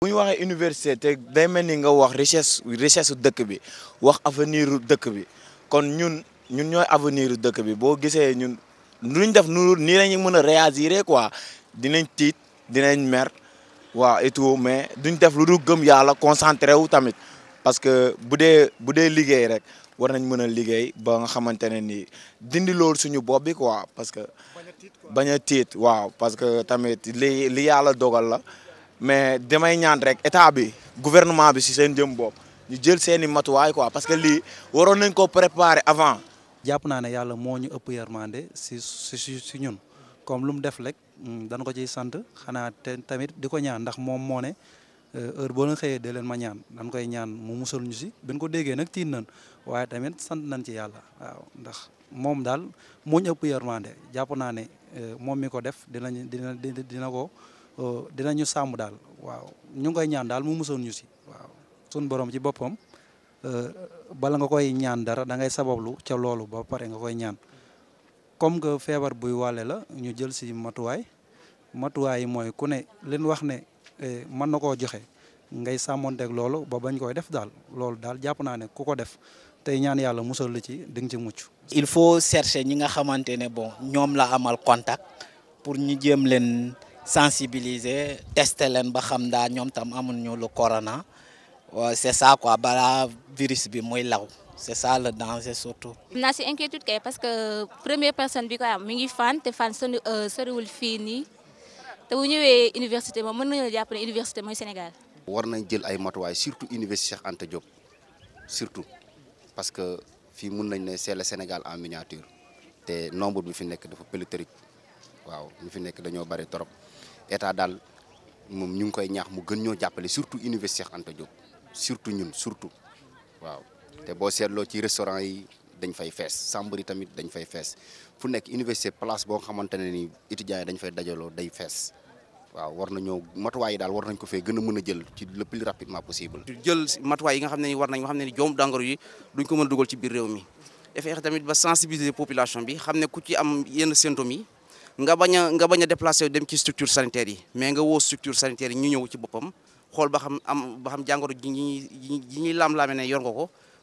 bu ñu waxee université te da mel ni nga wax richesse richesse dëkk bi wax avenir dëkk bi kon ñun ñun ñooy avenir dëkk bi boo gisee ñun luñ def nu nii la mën a réagir quoi dinañ tiit dinañ mer waa et tout mais duñ def lu dul gëm yàlla concentré wu tamit parce que bu dee bu dee liggéey rek. war nañ mën a liggéey ba nga xamante ne ni dindi loolu suñu bopp bi quoi parce que. bañ a tiit waaw parce que tamit li li yàlla dogal la mais demay ñaan rek état bi gouvernement bi si seen jëm bopp ñu jël seen i matuwaay ko parce que lii waroon nañ ko préparer avant. jàpp naa ne yàlla moo ñu ëpp yërmande si si si ñun comme lu mu def rek mm, dañ ko ciy sant xanaa te tamit di ko ñaan ndax moom moo ne. Euh, heure boo leen xëyee dee leen ma ñaan dañ koy ñaan mu musal ñu si bi ñu ko déggee nag tiin nañ waaye tamit sant nañ ci yàlla waaw ndax moom daal moo ñu ëpp yërmande jàpp naa ne euh, moom mi ko def dinañ dina dina ko euh, dinañu sàmm daal waaw ñu ngi koy ñaan daal mu musal ñu si waaw suñ borom ci boppam bala nga koy ñaan dara dangay ngay sabablu ca loolu ba pare nga koy ñaan comme que feebar buy wàlle la ñu jël si matuwaay matuwaay mooy ku ne leen wax ne Eh, man nako joxe ngay ak lolu ba bañ koy def dal lolu dal japp na né kuko def tay ñaan yalla musal la ci di ci muccu il faut chercher ñi nga xamante ne bon ñom la amal contact pour ñu jëm len sensibiliser tester len ba xam da ñom tam ñu lu corona c'est ça quoi bala virus bi moy law. c'est ça le danger surtout. na ci si inquiétude kay parce que première personne bi ko am mi ngi fan te fan euh, soriwul fii nii. te bu ñëwee université moom mën nañoo jàpp ne université mooy Sénégal. war nañ jël ay matuwaay surtout université Anta Diop surtout parce que fii mun nañ ne c'est Sénégal en miniature te nombre bi fi nekk dafa pléthorique waaw mu fi nekk dañoo bari trop état daal moom ñu ngi koy ñaax mu gën ñoo jàppale surtout université Anta Diop surtout ñun surtout waaw te boo seetloo ci restaurant yi. dañ fay fees Samburi tamit dañ fay fees fu nekk université place boo xamante ne ni étudiants yi dañ fay dajaloo day fees waaw war nañoo matuwaay yi daal war nañ ko fee gën a mën a jël ci le plus rapidement possible. jël matuwaay yi nga xam ne ni war nañ nga xam ne ni joomu dàngoro yi duñ ko mën a dugal ci biir réew mi fexe tamit ba sensibiliser population bi xam ne ku ci am yenn symptômes mi nga bañ a nga bañ a déplacé dem ci structure sanitaire yi mais nga woo structure sanitaire yi ñu ñëw ci boppam xool ba xam am ba xam jàngoro ji ñuy ñuy laam-laame ne yor nga ko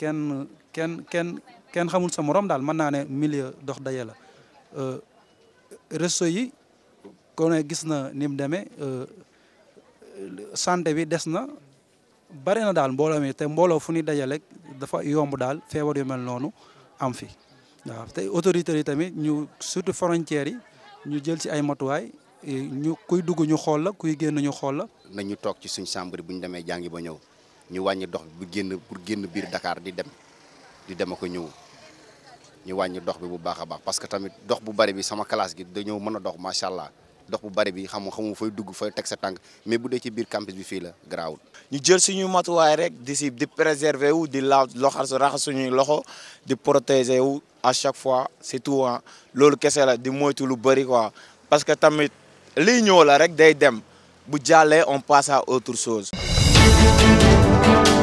kenn kenn kenn kenn xamul sa morom daal mën naa ne milieu dox daje la euh, réseau yi kon gis na ni mu demee euh, santé bi des na bari na daal mbooloo mi te mbooloo fu ñuy dajale dafa yomb daal feebar yu mel noonu am fi waaw te autorité yi tamit ñu surtout frontières yi ñu jël ci ay matuwaay ñu kuy dugg ñu xool la kuy génn ñu xool la. na ñu toog ci suñ chambre bu ñu demee jàngi ba ñëw. ñu wàññi dox bi bu génn pour génn biir Dakar di dem di dem ko ñëw ñu wàññi dox bi bu baax a baax parce que tamit dox bu bari bi sama classe gi dañoo mën a dox macha allah dox bu bari bi xam xamu fay dugg fay teg sa tànk mais bu dee ci biir campus bi fii la garaawul. ñu jël suñu matuwaay rek di si di préserver wu di laaw loxo raxas suñuy loxo di protéger wu à chaque fois c'est tout ah loolu kese la di moytu lu bëri quoi parce que tamit liy ñëw la rek day dem bu jàllee on passe à autre chose. Thank you.